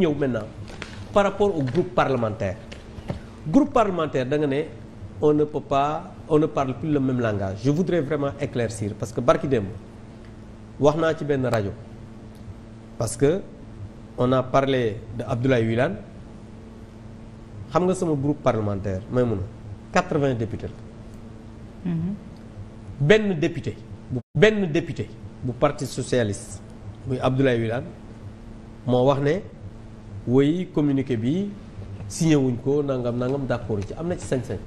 ñëw maintenant par rapport au groupe parlementaire groupe parlementaire da nga ne on ne peut pas on ne parle le même langage je voudrais vraiment éclaircir parce que barki démb wax naa ci benn rajo parce que on a parlé de Abdoulaye xam nga sama groupe parlementaire may mun a quatre-vingts députés la mhm. benn député bu benn député bu parti socialiste muy Abdoulaye Wilane moo wax ne woy communiqué bi signé wuñ ko nangam nangam d'accord ci am na ci sañ-sañ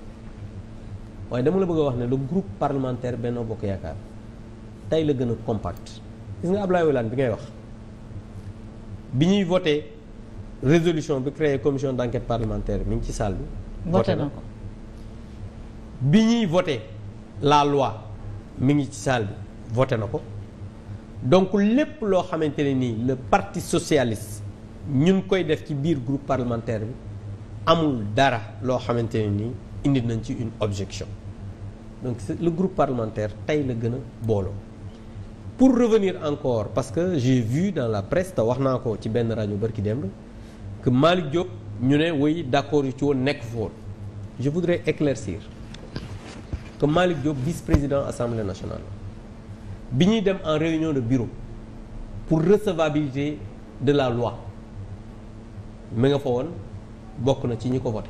waaye dama la bëgg a wax ne le groupe parlementaire Benno Bokk Yaakaar tey la gën a compact gis nga Abdoulaye Wilane bi ngay wax bi ñuy voté résolution bi créé commission d'enquête parlementaire mi ngi ci salle bi. voté na ko bi ñuy voté la loi mi ngi ci salle bi voté na ko donc lépp loo xamante ne nii le partie socialiste. ñun koy def ci biir groupe parlementaire bi amul dara loo xamante ne nii indi nañ ci une objection donc le groupe parlementaire tey la gën a booloo pour revenir encore parce que j'ai vu dans la presse te wax naa ko ci benn rajo barki dem que Malick Diop ñu ne woy d'accord yu ci woon nekk fa woon je voudrais éclaircir que Malick Diop vice-président assemblée nationale bi ñuy dem en réunion de bureau pour recevabilité de la loi mi nga fa woon bokk na ci ñi ko voté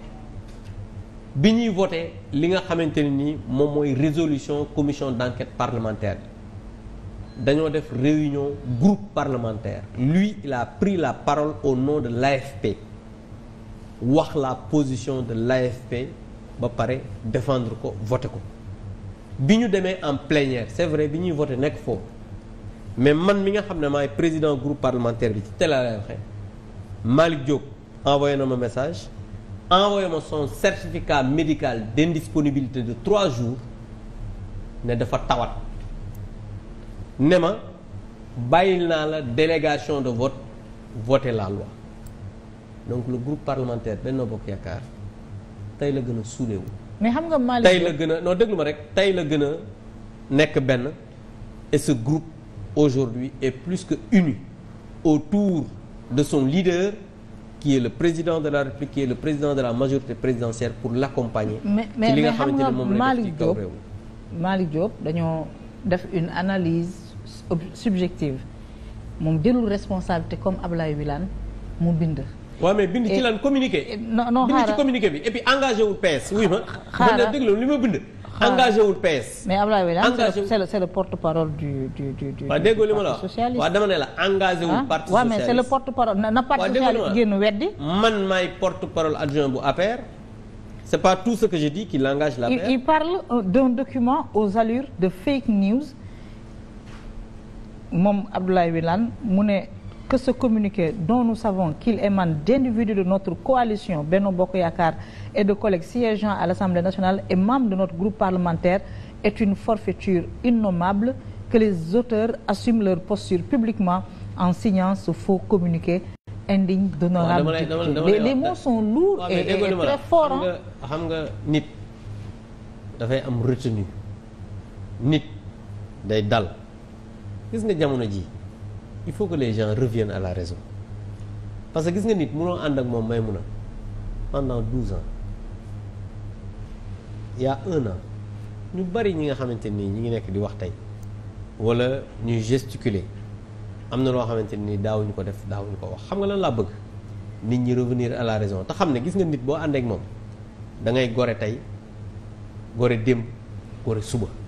bi ñuy voté li nga xamante ne nii moom mooy résolution commission d'enquête parlementaire bi dañoo def réunion groupe parlementaire lui il a pris la parole au nom de l'AFP wax la position de la l'AFP ba pare defendre ko voté ko bi ñu demee en plénière c'est vrai bi ñuy voté nekk foofu mais man mi nga xam ne maay président groupe parlementaire bi ci télé lay waxee Malick envoyé na ma message envoyé ma son certificat médical d'indisponibilité de trois jours ne dafa tawat ne ma bàyyil naa la délégation de vote voter la loi donc le groupe parlementaire Benno Bokk Yaakaar tey la gën a suulewu mais xam nga Malick tey gën a non déglu rek tey la gën a nekk benn et ce groupe aujourd'hui est plus que uni autour de son leader qui le président de la République qui est le président de la majorité présidentielle pour l'accompagner ci li nga xamante ne moom la def ci dañoo def une analyse subjective moom jëlul responsabilité comme Ablaye Wilane moom bind waaw mais bind ci lan communiqué non non bind ci communiqué bi engage puis wu PS wuy ma xaaral déglu li ma bind engagé wul PS. mais Abdoulaye Wilane c'est le porte-parole du du du du. parti socialiste waaw dama ne la engagé wul. parti socialiste waaw na parti socialiste génn weddi. man maay porte-parole adjoint bu APR. c'est pas tout ce que je dis qui l'engage l'APR. il, il parle euh, d'un document aux allures de fake news moom Abdoulaye Wilane mu ne. que ce communiqué dont nous savons qu'il émane d'individus de notre coalition Benno Bokk Yaakaar et de collègues siégeant à l'Assemblée nationale et membres de notre groupe parlementaire est une forfaiture innommable que les auteurs assument leur posture publiquement en signant ce faux communiqué indigne d'honorable député mots sont lourds et très forts xam nga nit dafay am retenu nit day dal gis nga jamono ji il faut que les gens reviennent à la raison parce que gis nga nit mënoo ànd ak moom may mun a pendant douze ans il y a ñu bari ñi nga xamante nii ñi ngi nekk di wax tey wala ñuy gesticuler am na loo xamante nii daawuñu ko def daawuñu ko wax xam nga lan laa bëgg nit ñi revenir à la raison te xam ne gis nga nit boo àndeek moom da ngay gore tey gore démb gore suba